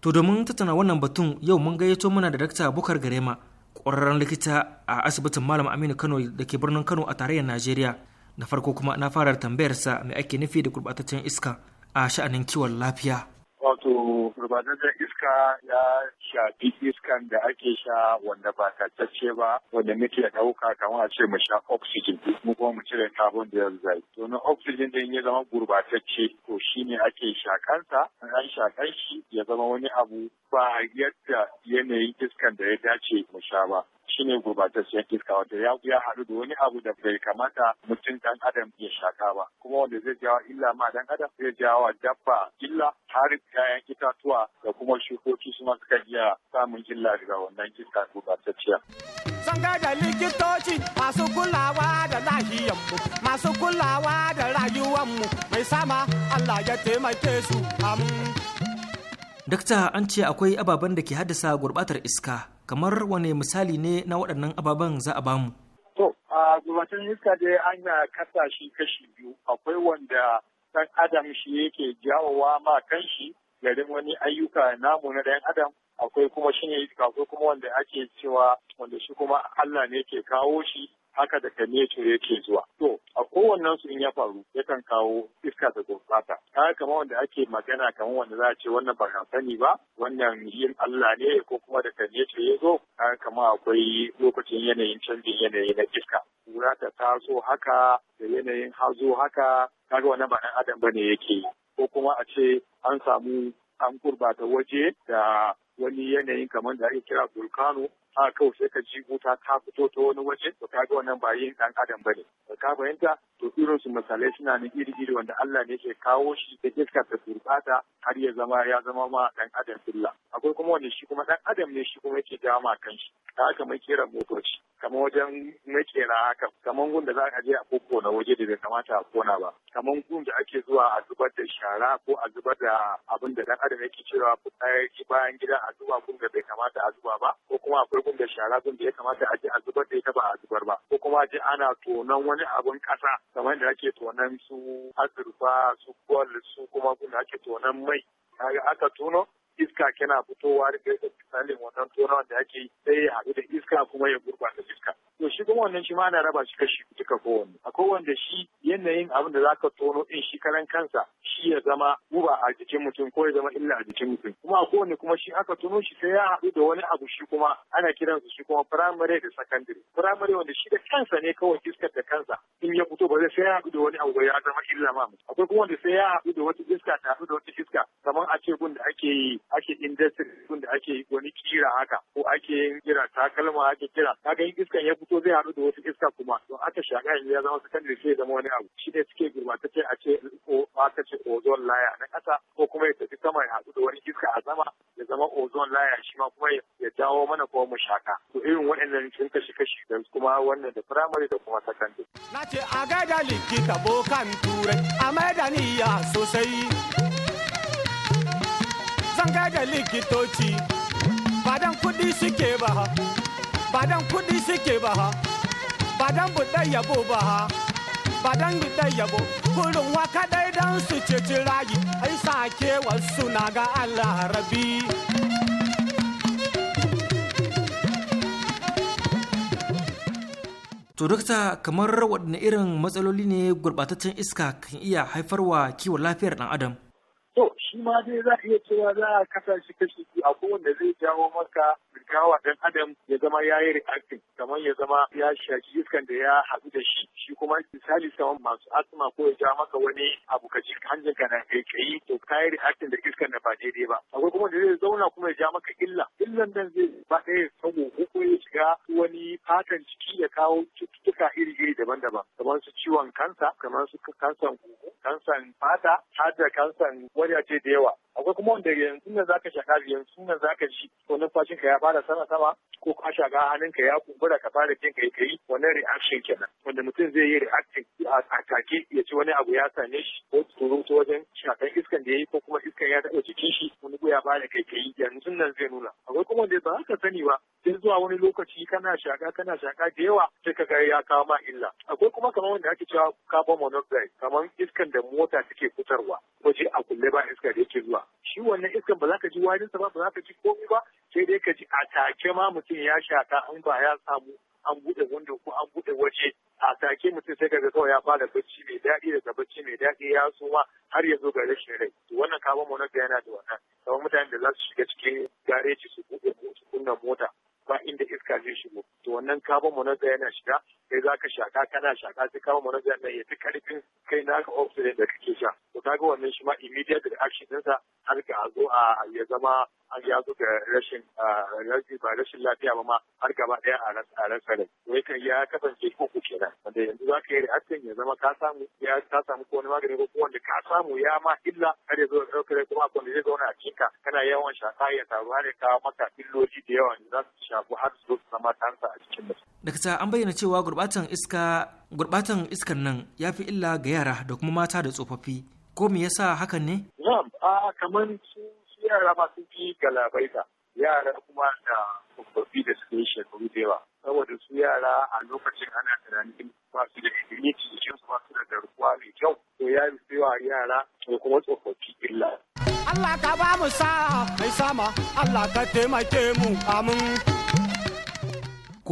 C: to domin tattauna wannan batun yau mun gayyato muna da dakta bukar garema ƙwararren likita a asibitin malam aminu kano da ke birnin kano a tarayyar najeriya na farko kuma na fara tambayarsa mai ake nufi da gurbataccen iska a sha'anin kiwon lafiya
F: wato gurbataccen iska ya shafi iskan da ake sha wanda ba tatacce ba wanda muke ɗauka kamar a ce mu sha oxygen mu kuma mu cire carbon dioxide to na oxygen din ya zama gurbatacce to shine ake shakansa an shakan shi ya zama wani abu ba yadda yanayin iskan da ya dace mu sha ba shine gurbatacciyar iska wanda ya ya haɗu da wani abu da bai kamata mutum dan adam ya shaka ba kuma wanda zai jawo illa ma dan adam zai jawo dabba illa har kayan itatuwa da kuma shukoki su ma suka iya samun illa daga wannan iska gurbatacciya.
E: sanga da likitoci masu kulawa da mu masu kulawa da mu mai
C: sama Allah ya taimake su. dakta an ce akwai ababen da ke haddasa gurbatar iska kamar wane misali ne na waɗannan ababen za a bamu
F: to a gurbatar iska dai ana kasa shi kashi biyu akwai wanda ɗan adam shi yake jawowa ma kanshi garin wani ayyuka namu na ɗan adam akwai kuma shine iska akwai kuma wanda ake cewa wanda shi kuma Allah ne ke kawo shi haka daga nature yake zuwa to a kowannen su in ya faru yakan kawo iska da gurbata ta kama wanda ake magana kamar wanda za a ce wannan ba kan sani ba wannan yin Allah ne ko kuma da kan yace ya zo kama akwai lokacin yanayin canjin yanayi na iska kura ta taso haka da yanayin hazo haka kaga wannan ba dan adam bane yake ko kuma a ce an samu an gurbata waje da wani yanayin kamar da ake kira volcano a kawai sai ka ji wuta ta fito ta wani waje to ga wannan ba yin dan adam bane ka fahimta to irin su misalai suna nan iri iri wanda Allah ne ke kawo shi da iska ta gurbata har ya zama ya zama ma dan adam billa akwai kuma wanda shi kuma dan adam ne shi kuma yake dama kanshi ta haka mai kera motoci kamar wajen makera haka kamar gun da za a je a koko na waje da bai kamata a kona ba kamar gun da ake zuwa a zubar da shara ko a zubar da abin da dan adam yake cewa fitsari bayan gida a zuba gunda bai kamata a zuba ba ko kuma akwai gunda shara gunda ya kamata a je a zubar da ita ba a zubar ba ko kuma je ana tonon wani abun kasa kamar da ake tonon su azurfa su gol su kuma gunda ake tonon mai kaga aka tono iska kena fitowa daga yadda misalin wannan tona da ake yi sai ya haɗu da iska kuma ya gurɓata iska. To shi kuma wannan shi ma ana raba shi kashi duka kowanne. Akwai wanda shi yanayin abin da zaka tono in shi karan kansa shi ya zama guba a jikin mutum ko ya zama illa a jikin mutum. Kuma a kowanne kuma shi aka tono shi sai ya haɗu da wani abu shi kuma ana kiransa shi kuma firamare da sakandare. Firamare wanda shi da kansa ne kawai iskar da kansa in ya fito ba zai sai ya haɗu da wani abu ba ya zama illa ma Akwai kuma wanda sai ya haɗu da wata iska ta haɗu da wata iska kamar a ce gun da ake yi ake industry da ake wani kira haka ko ake yin kira takalma ake kira kaga yin iskan ya fito zai haɗu da wasu iska kuma to aka shaka yanzu ya zama secondary sai zama wani abu shi ne suke gurbatacce a ce ko aka ce ozone layer na ƙasa ko kuma ya tafi sama ya haɗu da wani iska a sama ya zama ozone laya shi ma kuma ya jawo mana kuma mu shaka to irin waɗannan sun kashi kashi da kuma wannan da primary da kuma secondary.
E: Na ce a gaida likita bokan turai a maida niyya sosai. sanga da likitoci badan kudi suke ba ha badan kudi suke ba ha badan budan yabo ba ha badan budan yabo kurin waka dai dan su ceci rayi ai sake wasu na ga Allah rabi
C: To dokta kamar waɗanne irin matsaloli ne gurɓataccen iska kan iya haifarwa kiwon lafiyar ɗan adam?
F: To, shi ma dai za a iya cewa za a kasa shi kashi biyu a wanda zai jawo maka Kawo dan adam ya zama ya yi reacting kamar ya zama ya shaki iskan da ya haɗu da shi shi kuma misali saman masu asma ko ya ja maka wani abu ka ji hanjin ka na kai to ka yi reacting da iskan da ba daidai ba akwai kuma da zai zauna kuma ya ja maka illa illan nan zai ba ɗaya sabo ko ya shiga wani fatan ciki ya kawo cututtuka iri-iri daban-daban kamar su ciwon kansa kamar su kansan huhu kansan fata har da kansan ce da yawa akwai kuma wanda yanzu ne zaka shaka yanzu ne zaka ji to numfashin ya fara da sama sama ko ka shaga hannunka ya kumbura ka fara jin kai kai wannan reaction kenan wanda mutum zai yi reaction a atake ya ci wani abu ya same shi ko ta wajen shakan iskan da ya yi ko kuma iskan ya taɓa jikin shi wani ya bada kai kai yanzu nan zai nuna akwai kuma wanda ba ka sani ba sai zuwa wani lokaci kana shaka kana shaka da yawa sai ka ga ya kawo ma illa akwai kuma kamar wanda ake cewa carbon monoxide kamar iskan da mota take fitarwa ce a kulle ba iska da yake zuwa shi wannan iskan ba za ka ji warinsa ba ba za ka ji komai ba sai dai ka ji a take ma mutum ya shaka an ba ya samu an buɗe wando ko an buɗe waje a take mutum sai kaga kawai ya fara bacci mai daɗi daga bacci mai daɗi ya suma har ya zo ga rashin rai to wannan kawo mu da yana da wannan kamar mutanen da za su shiga cikin gareji su buɗe su kunna mota ba inda iska zai shigo to wannan kawo mu yana shiga sai za ka shaka kana shaka sai kawo mana nan ya fi karfin kai na ka oxygen da kake sha to kaga wannan shi ma immediate reaction sa har ka zo a ya zama an ya zo da rashin ba rashin lafiya ba ma har gaba ɗaya a rasa rai to yakan ya kasance ko ke kenan wanda yanzu za ka yi reaction ya zama ka samu ya ka samu ko wani magani ko ko wanda ka samu ya ma illa har ya zo da ɗaukar kuma a da zai zauna a ka kana yawan shaka ya taru har ya kawo maka illoli da yawa za su shafi har su zama tansa a cikin mutum.
C: Dakta an bayyana cewa gurbatan iska iskar nan ya fi illa ga yara da kuma mata da tsofaffi ko me yasa hakan ne?
F: a kamar su yara masu sun fi galabaita yara kuma da tsofaffi da suke shekaru da yawa saboda su yara a lokacin ana tunanin ba su da immunity cikin su ba su da garkuwa mai kyau to ya fi wa yara
C: ko kuma tsofaffi illa.
E: Allah ka ba mu sa'a
C: mai sama Allah ka taimake mu amin.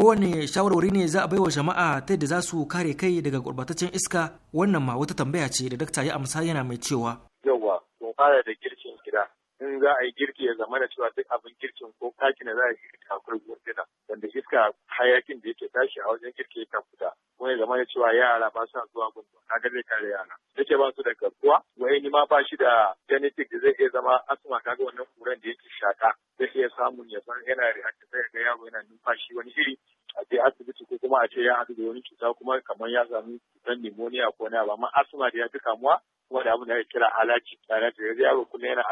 C: kowane shawarwari ne za a baiwa jama'a ta yadda za su kare kai daga gurbataccen iska wannan ma wata tambaya ce da dakta ya amsa yana mai cewa.
F: Yawwa, sun fara da girkin gida. in za a yi girki ya zama da cewa duk abin girkin ko kaki na za a yi girki akwai gordina wanda iska hayakin da yake tashi a wajen girki yakan fita
B: kuma ya zama da cewa yara
F: ba sa zuwa gungun
B: na ga zai kare yara
F: yake ba su da garkuwa ni ma ba shi da genetic da zai iya zama asma kaga wannan kuran da yake shaka zai iya samu ya san yana react sai ga yaro yana numfashi wani iri a je asibiti ko kuma a ce ya haɗu da wani cuta kuma kamar ya samu cutar pneumonia ko na ba amma asma da ya fi kamuwa wanda abu da ake kira alaci ya da yaro kuma yana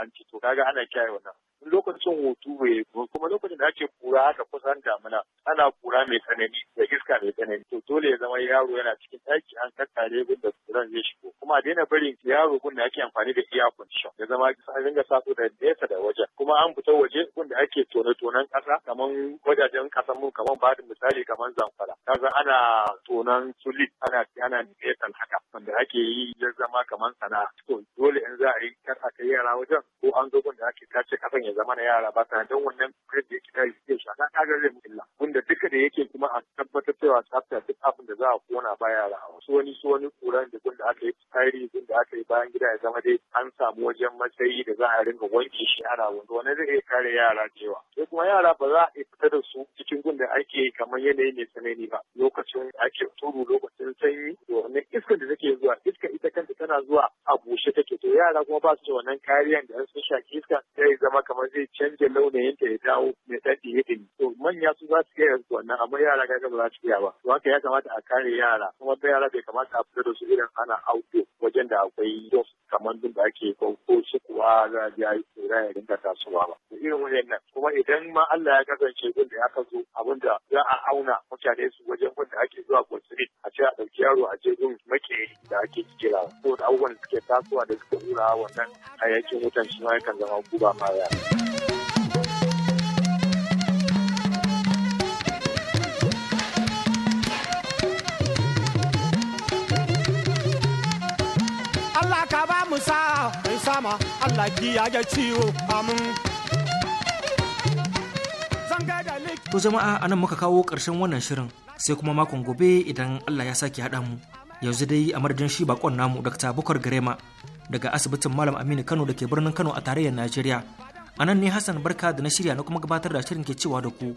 F: an ci to kaga ana kiyaye wannan lokacin hutu bai kuma lokacin da ake kura haka kusan damina ana kura mai tsanani da iska mai tsanani to dole ya zama yaro yana cikin ɗaki an kakkare gun da kuran zai shigo kuma a daina barin yaro gun da ake amfani da iya condition ya zama an dinga sa da nesa da wajen kuma an fita waje gun da ake tone tonen ƙasa kaman wajajen ƙasan mu kaman ba misali kaman zamfara kaza ana tonan sulit ana ana nesa haka wanda ake yi ya zama kaman sana'a to dole in za a yi kar a kai yara wajen ko an zo gun da ake tace ya zama na yara ba ta don wannan kudin da yake da yake shi a kagar zai illa wanda duka da yake kuma a tabbatar cewa tsafta duk abin da za a kona ba yara a wasu wani su wani kuran da gunda aka yi tsari gunda aka yi bayan gida ya zama dai an samu wajen matsayi da za a ringa wanke shi Yara wanda wani zai iya kare yara cewa? sai kuma yara ba za a fita da su cikin gunda ake yi kamar yanayi mai tsanani ba lokacin ake turu lokacin sanyi domin iskar da take zuwa iska ita kanta tana zuwa bushe take to yara kuma ba su da wannan kariyan da sun shaki iska zai zama kamar zai canja launayin ta ya dawo mai dan dihe to manya su za su iya yanzu wannan amma yara ka ba za su iya ba to haka ya kamata a kare yara kuma ba yara bai kamata a fita da su irin ana auto wajen da akwai dos kamar dun da ake ko ko su kuwa za a ji ya dinga tasowa ba irin wayannan kuma idan ma Allah ya kasance gun da ya zo abinda za a auna mutane su wajen gun da ake zuwa ko a ce yaro a jirgin makeri da ake kira ko da abubuwan da suke tasowa da suka hura wannan hayakin wutan shi ma yakan zama guba ma yara.
E: mu sa mai sama Allah ki ya ga ciwo amin. zama
C: jama'a anan muka kawo ƙarshen wannan shirin sai kuma makon gobe idan Allah ya sake haɗa mu yanzu dai a madadin shi bakon namu Dr. Bukar Garema daga asibitin Malam Aminu Kano da ke birnin Kano a tarayyar Najeriya a nan ne Hassan Barka da na shirya na kuma gabatar da shirin ke cewa da ku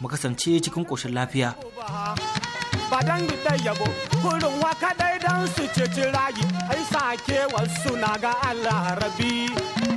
C: mu kasance cikin koshin lafiya
E: ba dan da yabo kurin wa kadai dan su ce rayi ai sake wasu na ga Allah rabi